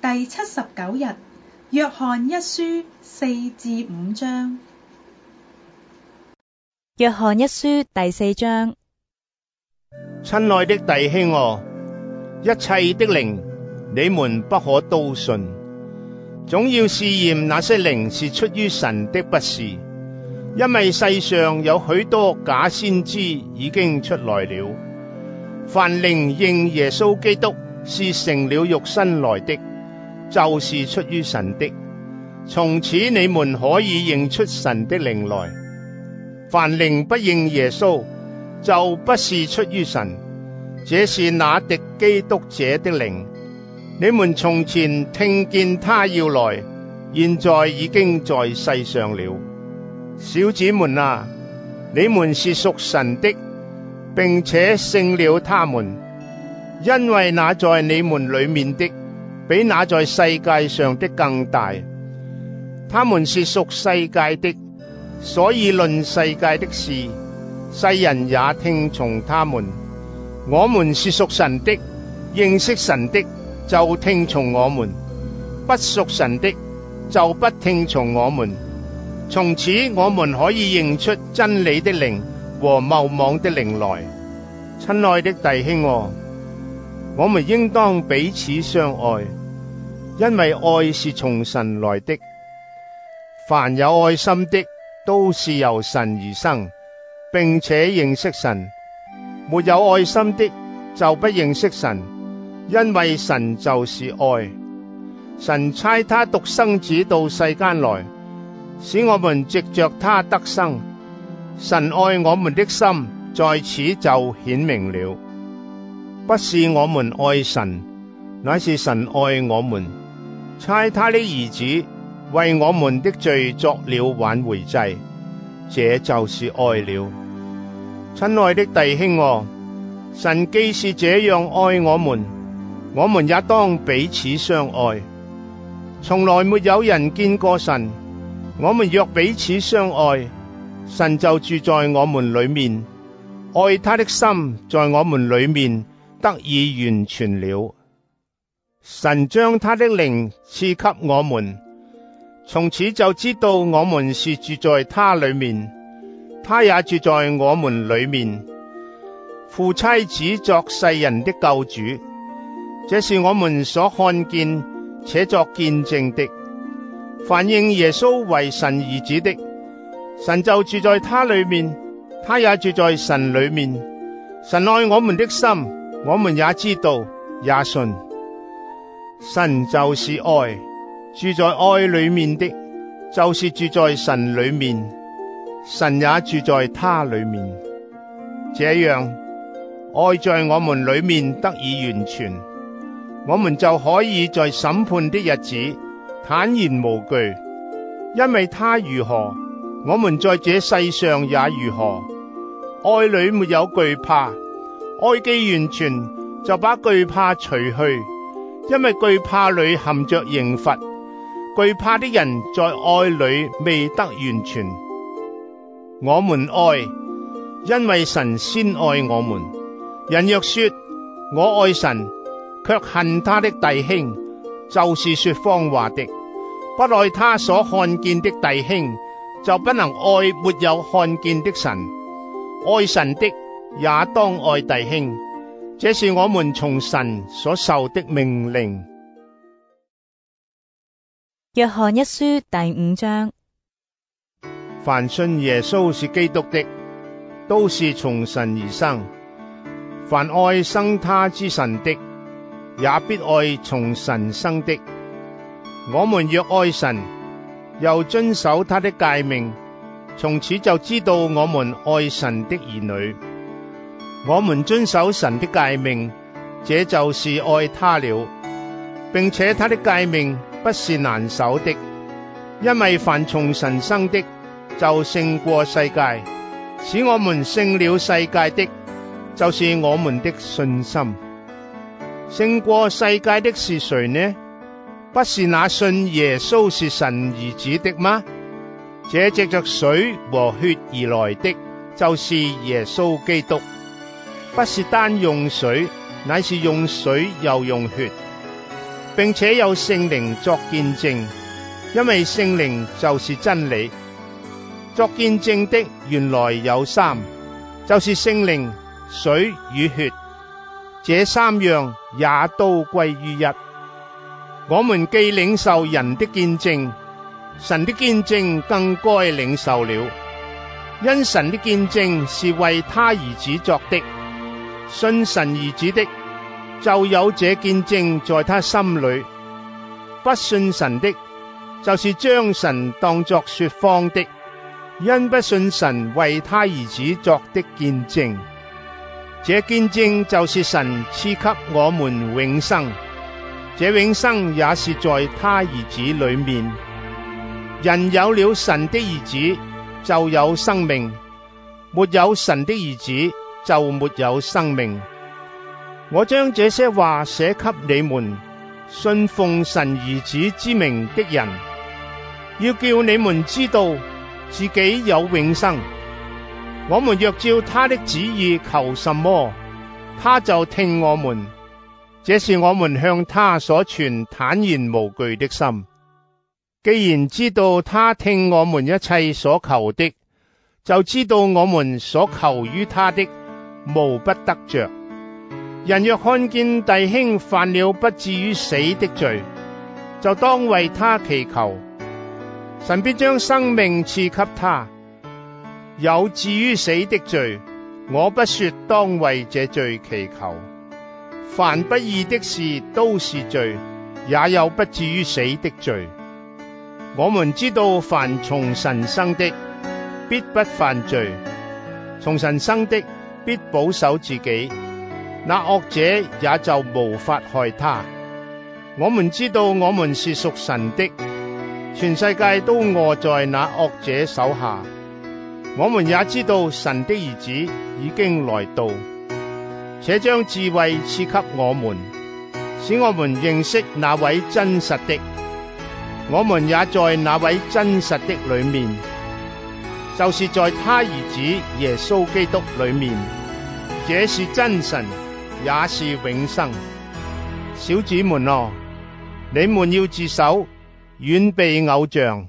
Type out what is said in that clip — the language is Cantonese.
第七十九日，約翰一書四至五章。約翰一書第四章。親愛的弟兄哦、啊，一切的靈，你們不可都信，總要試驗那些靈是出於神的，不是。因為世上有許多假先知已經出來了，凡靈應耶穌基督是成了肉身來的。就是出於神的，從此你們可以認出神的靈來。凡靈不認耶穌，就不是出於神。這是那敵基督者的靈。你們從前聽見他要來，現在已經在世上了。小子們啊，你們是屬神的，並且勝了他們，因為那在你們裏面的。比那在世界上的更大，他們是屬世界的，所以論世界的事，世人也聽從他們。我們是屬神的，認識神的就聽從我們，不屬神的就不聽從我們。從此我們可以認出真理的靈和謬妄的靈來。親愛的弟兄，哦，我們應當彼此相愛。因為愛是從神來的，凡有愛心的都是由神而生，並且認識神。沒有愛心的就不認識神，因為神就是愛。神差他獨生子到世間來，使我們藉着他得生。神愛我們的心在此就顯明了，不是我們愛神，乃是神愛我們。差他的兒子為我們的罪作了挽回祭，這就是愛了。親愛的弟兄哦、啊，神既是這樣愛我們，我們也當彼此相愛。從來沒有人見過神，我們若彼此相愛，神就住在我們裏面，愛他的心在我們裏面得以完全了。神將他的靈賜給我們，從此就知道我們是住在他裏面，他也住在我們裏面。父差子作世人的救主，這是我們所看見且作見證的，凡認耶穌為神兒子的。神就住在他裏面，他也住在神裏面。神愛我們的心，我們也知道，也信。神就是愛，住在愛裏面的，就是住在神裏面，神也住在他裏面。這樣，愛在我們裏面得以完全，我們就可以在審判的日子坦然無懼，因為他如何，我們在這世上也如何。愛裏沒有懼怕，愛既完全，就把懼怕除去。因為懼怕裏含着刑罰，懼怕的人在愛裏未得完全。我們愛，因為神先愛我們。人若說我愛神，卻恨他的弟兄，就是說謊話的。不愛他所看見的弟兄，就不能愛沒有看見的神。愛神的也當愛弟兄。這是我們從神所受的命令。約翰一書第五章：凡信耶穌是基督的，都是從神而生；凡愛生他之神的，也必愛從神生的。我們若愛神，又遵守他的誡命，從此就知道我們愛神的兒女。我們遵守神的誡命，這就是愛他了，並且他的誡命不是難守的，因為凡從神生的就勝過世界，使我們勝了世界的，就是我們的信心。勝過世界的是誰呢？不是那信耶穌是神兒子的嗎？這藉着水和血而來的，就是耶穌基督。不是單用水，乃是用水又用血，並且有聖靈作見證，因為聖靈就是真理。作見證的原來有三，就是聖靈、水與血，這三樣也都歸於一。我們既領受人的見證，神的見證更該領受了，因神的見證是為他兒子作的。信神兒子的，就有這見證在他心裏；不信神的，就是將神當作說謊的，因不信神為他兒子作的見證。這見證就是神賜給我們永生，這永生也是在他兒子裏面。人有了神的兒子，就有生命；沒有神的兒子。就沒有生命。我將這些話寫給你們，信奉神兒子之名的人，要叫你們知道自己有永生。我們若照他的旨意求什麼，他就聽我們。這是我們向他所存坦然無懼的心。既然知道他聽我們一切所求的，就知道我們所求於他的。無不得着。人若看見弟兄犯了不至於死的罪，就當為他祈求，神必將生命賜給他。有至於死的罪，我不說當為這罪祈求。凡不義的事都是罪，也有不至於死的罪。我們知道凡從神生的必不犯罪，從神生的。必保守自己，那惡者也就無法害他。我們知道我們是屬神的，全世界都臥在那惡者手下。我們也知道神的兒子已經來到，且將智慧賜給我們，使我們認識那位真實的。我們也在那位真實的裏面，就是在祂兒子耶穌基督裏面。這是真神，也是永生。小子們哦，你們要自守，遠避偶像。